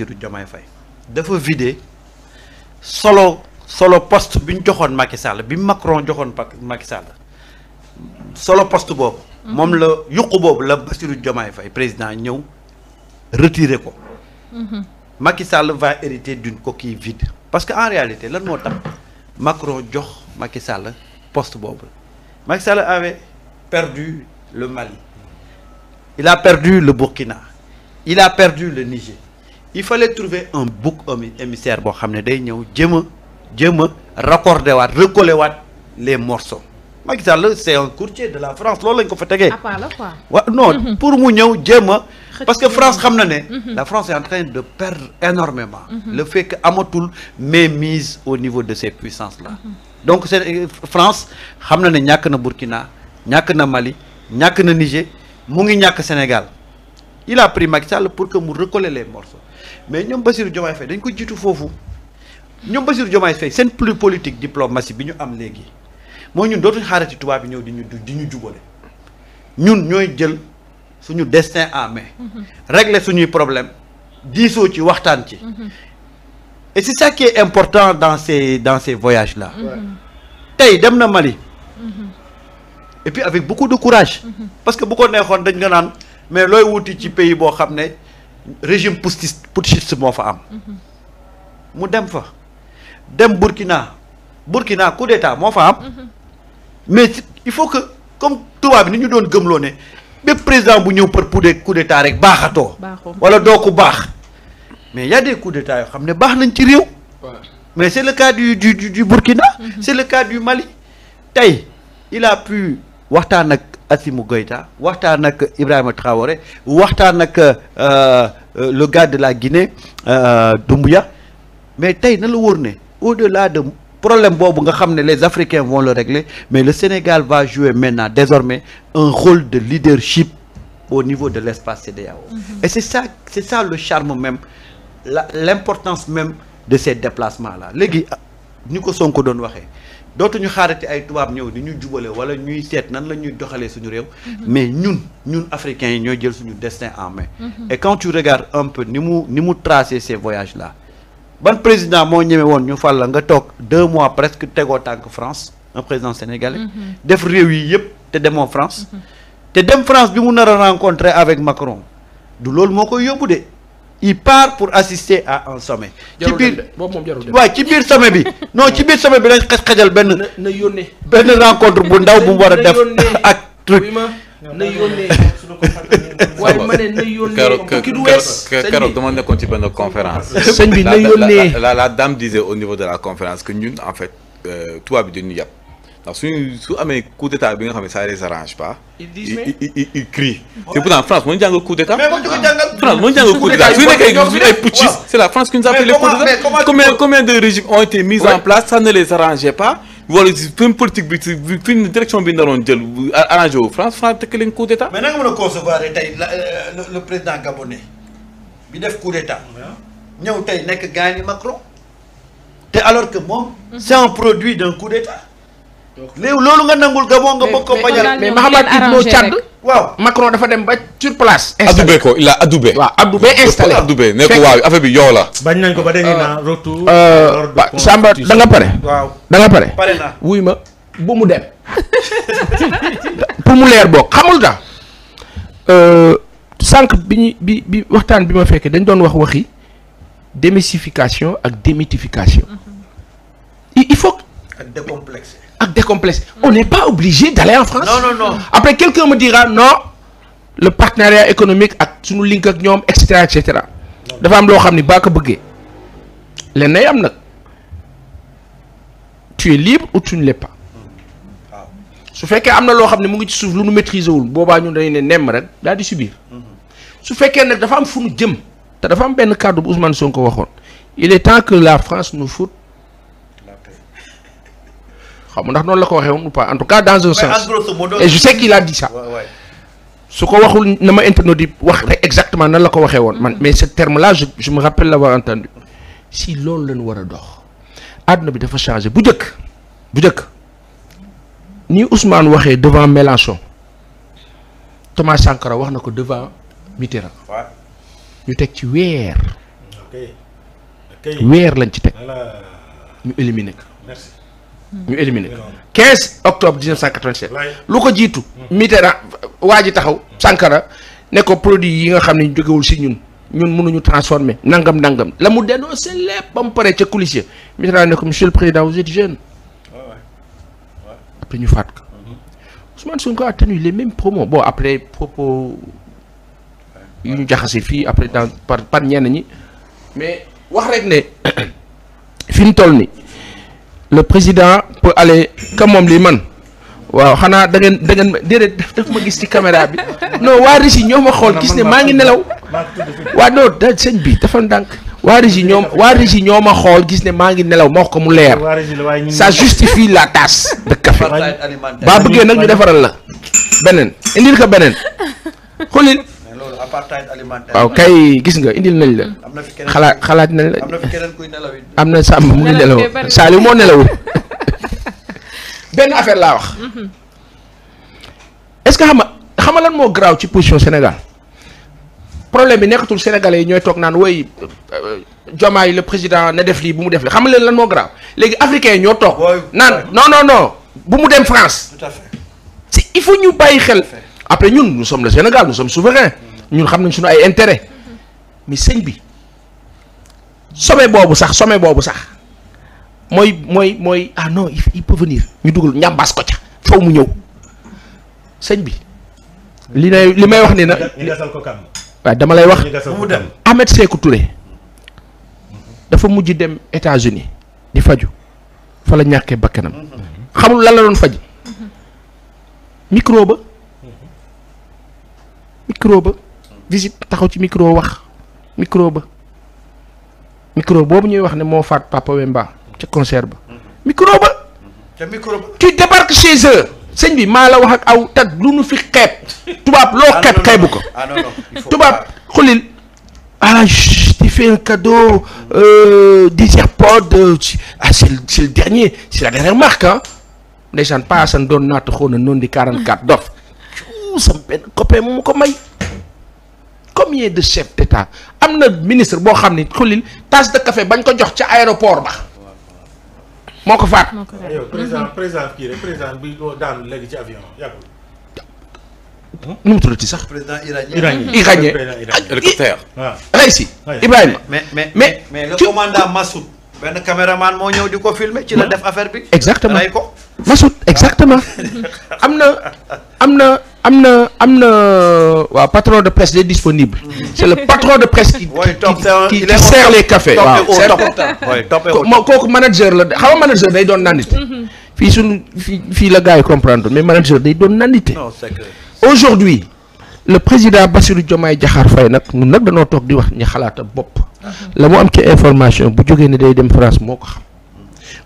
Bassirou Diomaye Faye dafa vider solo solo post bi ñu joxoon Macky Sall bi Macron joxoon Macky Sall solo post boobu. Mm-hmm. moom la yuqu boobu la Bassirou Diomaye Faye président ñëw retirer ko. Mm-hmm. Macky Sall va hériter d'une coquille vide parce que en réalité lan moo tax Macron jox Macky Sall poste boobu Macky Sall perdu le Mali il a perdu le Burkina il a perdu le Niger. il fallait trouver un bouc émissaire boo xam ne day ñëw jëm a jëm a raccorder waat recoller waat les morceaux Macky Sall c' est un courtier de la France loolu lañ ko fa tegee. wa non pour mu ñëw jéem a. parce que France xam na ne. la France est en train de perdre énormément le fekk amatul mais mise au niveau de ces puissances là. donc c' est euh, France xam na ne ñàkk na Burkina ñàkk na Mali ñàkk na Niger mu ngi ñàkk Sénégal. il a pris Macky Sall pour que mu recoller les morceaux mais ñoom Bassirou Diomaye Faye dañ ko jiitu foofu ñoom Bassirou Diomaye Faye seen plus politique diplomatie bi ñu am léegi mooy ñun dootuñ xaarati tubaab yi ñëw di ñu di ñu jubale ñun ñooy jël suñu destin à main mm-hmm. régler suñuy problème diisoo ci waxtaan ci mm-hmm. et c'est ça important dans ces dans ces voyages là mm-hmm. tey dem na Mali et puis avec beaucoup de courage parce que bu ko neexoon dañ nga naan mais looy wuti ci pays boo xam ne régime putschiste putschiste moo fa am. mu dem fa dem Burkina Burkina coup d'état moo fa am. mais il faut que comme tubaab bi ni ñu doon gëmloo ne bépp président bu ñëw par coup d'état rek baaxatoo. wala doo ko baax. mais y a des coups d'état yoo xam ne baax nañ ci réew. mais c'est le cas du du du Burkina. Mm-hmm. c'est le cas du Mali. tey il a pu waxtaan ak. Assimi Goïta waxtaan ak Ibrahima Traoré waxtaan ak euh, euh, le gars de la Guinée euh, Doumbouya mais tey na la wóor ne au-delà de problème boobu nga xam ne les Africains vont le régler mais le Sénégal va jouer maintenant désormais un rôle de leadership au niveau de l'espace CEDEAO mm-hmm. et c'est ça c'est ça le charme même la l'importance même de ces déplacements la léegi ni ko son ko doon waxee ñu xaarati ay tubaab ñëw di ñu jubale wala ñuy seet nan la ñuy doxalee suñu réew mais ñun ñun africains yi ñooy jël suñu destin en main mm-hmm. et quand tu regardes un peu ni mu ni mu tracé ces voyages là ban président moo ñeme woon ñu fàl la nga toog deux mois presque tegoo tànk France un président sénégalais mm-hmm. def réew yi yëpp te demoo France mm-hmm. te dem France bi mu nar a rencontrer avec Macron du loolu moo koy yóbbu de il part pour assister à un sommet. ci biir boobu moom jarul waaw ci biir sommet bi non ci biir sommet bi lañ xaj xajal benn. na yónnee benn rencontre bu ndaw bu mu war a def ak truc. na yónnee waaye ma ne na yónnee kii du wees keroog dama nekkoon ci benn conférence. sëñ bi na yónnee la la dame disait au niveau de la conférence que ñun en fait euh, tubaab bi dañu yàpp. ndax suñu su amee coup d'état bi nga xam ne ça les arrange pas. ils disent mais ils France moo ñu coup d'état. France moo ñu coup d'état su ñu nekkee France qui nous a fait les coups d'état combien combien de régimes ont été mis en place ça ne les arrangeait pas. wala si même politique bi si fi direction bi naroon jël arrangé wu France France tekk leen coup d'état. mais na nga mën a def coup d'état. ñëw nekk gaañu Macron. te alors que moom. c'est un produit d'un coup d'état. léegi loolu nga nangul Gabon nga bëgg ko bañal. mais xamaat Ibn moo waaw Macron dafa dem ba sur place. installé adoubé ko il a adoubé. waaw adoubé installé adoubé ne ko waaw affaire bi yow la. bañ nañ ko ba dañuy euh, naan retour. Euh, Samba da nga pare. waaw da nga pare. pare naa wuy ma bu mu dem. pour mu leer boog xamul tax euh, sànq bi ñu bi bi waxtaan bi ma fekkee dañ doon wax waxi démystification ak démythification. Mm-hmm. il faut. ak décomplexe on n'est pas obligé d'aller en France après quelqu'un me dira non le partenariat économique ak suñu link ak ñoom et cetera dafa am loo xam ni baa ko bëggee len nay am nag tu es libre ou tu ne l'es su fekkee am na loo xam ne mu ngi ci suuf lu nu maîtriser wul boobaa ñun dañu ne nemm rek daal di subir su fekkee nag dafa am fu nu jëm te dafa am benn kàddu bu Ousmane ko waxoon il est temps que la France nous foute xaw ma ndax noonu la ko waxee woon ou pas en tout cas dans un sens et je sais qu'il a dit ça su ko waxul na ma internaute di wax rek exactement nan la ko waxee woon man mm-hmm. mais ce terme là je je me rappelle l'avoir entendu si loolu lanu war a dox àdduna bi dafa changé bu njëkk bu njëkk ni Ousmane waxee devant Mélenchon Thomas Sankara wax na ko devant Mitterrand ñu teg ci weer weer lañ ci teg ñu éliminer ñu éliminé ko 15 octobre 1987. lu ko jiitu. Hmm. Mitterrand waa ji taxaw Sankara ne ko produit yi nga xam ne jógewul si ñun ñun mënuñu transformer nangam nangam la mu dénoncé lépp ba mu pare ca coulisse Mitterrand ne ko monsieur le président vous êtes jeune. après ñu faat ko. Hmm. Ousmane Sonko a tenu les mêmes promos bon après propos yu ñu jaxase fii après dans par par ñenn ñi mais wax rek ne fi mu toll nii. le président peut aller comme moom lii man waaw xanaa da ngeen da ngeen déedéet ma gis ci caméra bi non waa Régis ñoo ma xool gis ne maa ngi nelaw waaw non da bi dafa ndànk waa Régis ñoom waa Régis ñoo ma xool gis ne maa ngi nelaw ma wax ko mu leer ça justifie la taas de café baa bëggee nag ñu defaral la beneen indil beneen xulil apartheid alimentaire. waaw kay gis nga indil nañ la. am na fi xalaat xalaat nañ la. am na fi am na sàmm mu ngi nelaw Saliou moo nelawul benn affaire laa wax. Mm-hmm. est-ce que xama xama lan moo garaaw ci position Sénégal problème bi nekkatul sénégalais yi ñooy toog naan woy euh, yi le président na def lii bu mu def li xam leen lan moo garaaw léegi africains yi ñoo toog. naan non non non bu mu dem France. si il faut ñu bàyyi xel. après ñun nous sommes le Sénégal nous sommes souverains. ñun xam nañ suñu ay intérêt mais sëñ bi sommet boobu sax sommet boobu sax mooy mooy mooy ah non il peut venir ñu dugal ñàmbaas ko ca faw mu ñëw sëñ bi. li nay li may wax ni na ñu dama lay wax mu dem Ahmed Sékou Touré dafa mujj dem États-Unis di faju fa la ñàkkee bakkanam xamul lan la doon faj microbe microbe visite taxaw ci micro wax micro ba micro boobu ñuy wax ne moo faat Papa Wemba ca concert ba micro ba te micro ba tu débarques sëñ bi maa la wax ak aw tag lu nu fi xeeb tubaab loo xeeb ah, xeebu ko ah, tubaab xulil ah je t'ai fait un cadeau euh, des euh, ah, dernier c'est la dernière marque ah ndeysaan paasan doon naata xaw na noonu di 44 dof cu sam mu ko may combien de chefs d'État am na ministre boo xam ni xulil tasse de café bañ ko jox ca aéroport ba moo ko faat. président mhm. président kii rek président bi daan léegi ci avion yàggul. nu mu tuddati sax. président iranien iranien hélicoptère lay mais mais mais mais le commandant Massoud. benn caméraman moo ñëw di ko filmer ci la def affaire bi. exactement rey ko Massoud exactement am na am na. am na am na waaw patron de presse est disponible c'est le patron de presse qui qui qui sert les cafés waaw moo kooku manager la de nga manager day doon nandite mhm. fii suñu fii fii la gars yi comprendre mais manager day doon nandite aujourd'hui le président Bassirou Diomaye Diakhar Faye nag ñun nag danoo toog di wax ñu xalaata bopp mhm. la mu am ci information bu jógee ne day dem France moo ko xam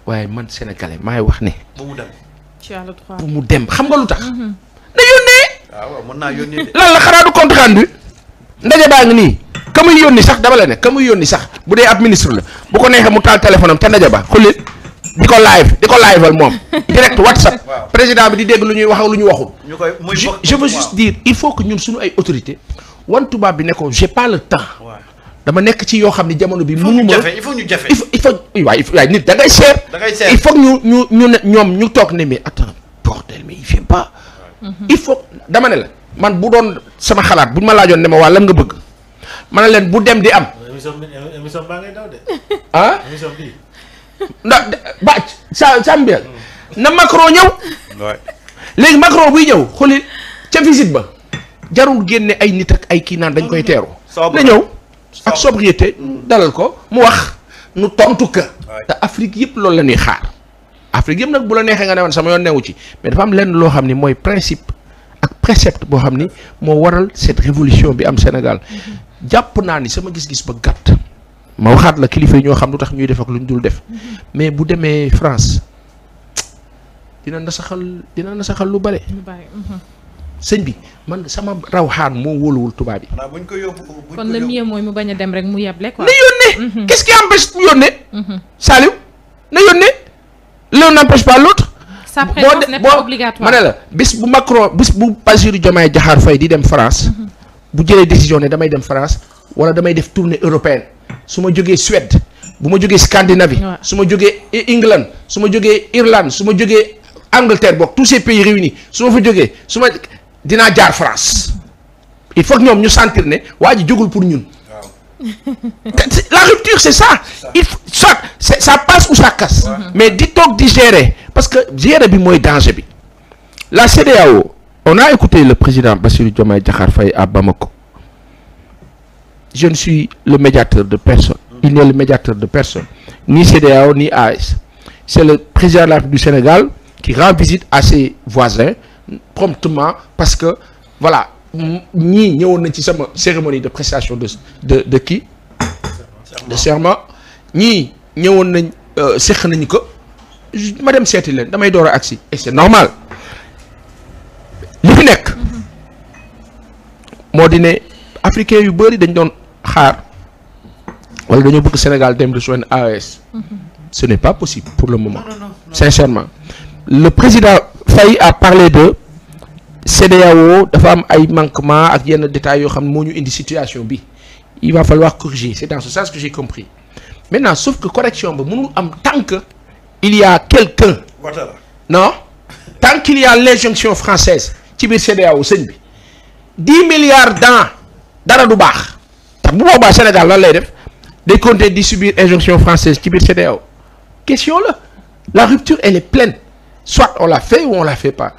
waaye man sénégalais maay wax ne bu mu dem xam nga lu tax mhm. Ah, waaw mën naa yónni lan la xanaa du compte rendu ndaje baa ngi nii comme muy yónni sax dama la ne ka muy yónni sax bu dee ab ministre la bu ko neexee mu taal téléphone am te ndaje ba xullit di ko live di ko liveal moom direct whatsapp président bi di dégg lu ñuy wax ak lu ñu waxul je veux juste dire il faut que ñun suñu ay autorité wan tubaab bi ne ko j'ai pas le temps dama nekk ci yoo xam ne jamono bi mu ma il faut ñu jafe il faut waay ngay seer il faut ñu ñu ñu ne ñoom ñu toog ne mais attends bordel mais il vient pas il faut dama ne la man bu doon sama xalaat bu ma laajoon ne ma waa lam nga bëgg ma ne leen bu dem di am. émission bi émission baa ngay daw de. ah ndax bàcc sa na Macron ñëw. léegi Macron buy ñëw xooli ca visite ba jarul génne ay nit ak ay kii naan dañ koy teeru. na ñëw ak sobriété mm. dalal ko mu wax nu tontu ka te Afrique yëpp loolu la ñuy xaar. Afrique yëpp nag bu la neexee nga ne woon sama yoon newu ci mais dafa am lenn loo xam ni mooy principe précepte boo xam ni moo waral cette révolution bi am Sénégal jàpp naa ni sama gis-gis ba gàtt ma waxaat la kilifa ñoo xam lu tax ñuy def ak lu ñu dul def mais bu demee France dina nasaxal dina nasaxal lu bare. Mhm. sëñ bi man sama raw rawxaan moo wóoluwul tubaab yi. waaw buñ ko yóbbu kon le mieux mooy mu bañ a dem rek mu yeble quoi. na yónnee. Mhm. qu'est-ce mu yónnee. Mhm. Saliou na yónnee. l'un n'empêche pas l'autre. sa de n'est pas obligatoire ma ne la bis bu Macron bis bu Bassirou Diomaye Diakhar fay di dem France. bu jëlee décision ne damay dem France wala damay def tournée européenne su ma jógee Suède bu ma jógee Scandinavie. su ma jógee England su ma jógee Irlande su ma jógee Angleterre boog tous ces pays réunis su ma fa jógee su ma dinaa jaar France. il faut ñoom ñu sentir ne waa ji jógul pour ñun. la rupture c'est ça il faut soit ça passe ou ça casse mais di toog di gérer parce que gérer bi mooy danger bi la CEDEAO on a écouté le président Bassirou Diomaye Diakhar Faye à Bamako je ne suis le médiateur de personne il n'est le médiateur de personne ni CEDEAO ni AES c'est le président de la République du Sénégal qui rend visite à ses voisins promptement parce que voilà ñii ñëwoon nañ ci sama cérémonie de prestation de de de kii de serment ñii ñëwoon nañ euh, seq nañu ko ma dem seeti leen damay door a agsi et c'est normal li fi nekk moo di ne africain yu bëri dañ doon xaar wala dañoo bëgg Sénégal dem rejoindre AES ce n'est pas possible pour le moment sincèrement le président Faye a parlé de CEDEAO dafa am ay manquement ak yenn détails yoo xam ne moo ñu indi situation bi il va falloir corriger c'est dans ce sens que j'ai compris maintenant sauf que correction ba mënul am tant que il y a quelqu'un non tant qu'il y l'injonction française ci biir CEDEAO sëñ bi dix milliards dans dara du baax tax bu boobaa Sénégal lan lay def day compter di subir injonction française ci biir CEDEAO question la la rupture elle est pleine soit on la fait ou on la fait pas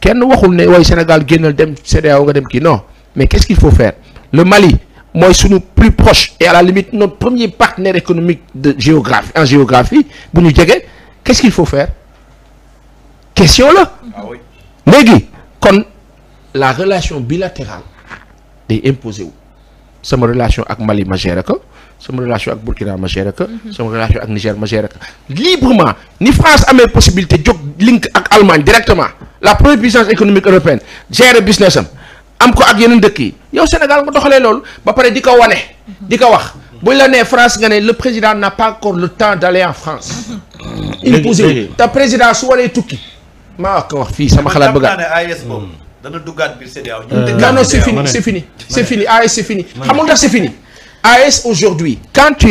kenn waxul ne waaye Sénégal l dem CEDEAO nga dem kii non mais qu'est-ce qu'il faut faire le Mali mooy suñu plus proche et à la limite notre premier partenaire économique de géographie en géographie bu ñu jege qu'est-ce qu'il faut faire question la ah léegi kon la relation bilatérale day imposé wu sama relation ak Mali ma géré ko sama relation ak Burkina ma géré ko mhm. sama relation ak Niger ma géré ko ni France amee possibilité jóg link ak Allemagne directement la première puissance économique européenne gérer business am am ko ak yeneen dëkk yi yow Sénégal nga doxalee loolu ba pare di ko wane di ko wax buñ la nee France nga ne le président n'a pas encore le temps d'aller en France mm. impossible te président su waree tukki maa ko wax fii sama xalaat bëgg dana duggaat biir CEDEAO. Euh, non non c'est fini c'est fini c'est fini AES c'est fini xamul ndax c'est fini AES aujourd'hui quand tu as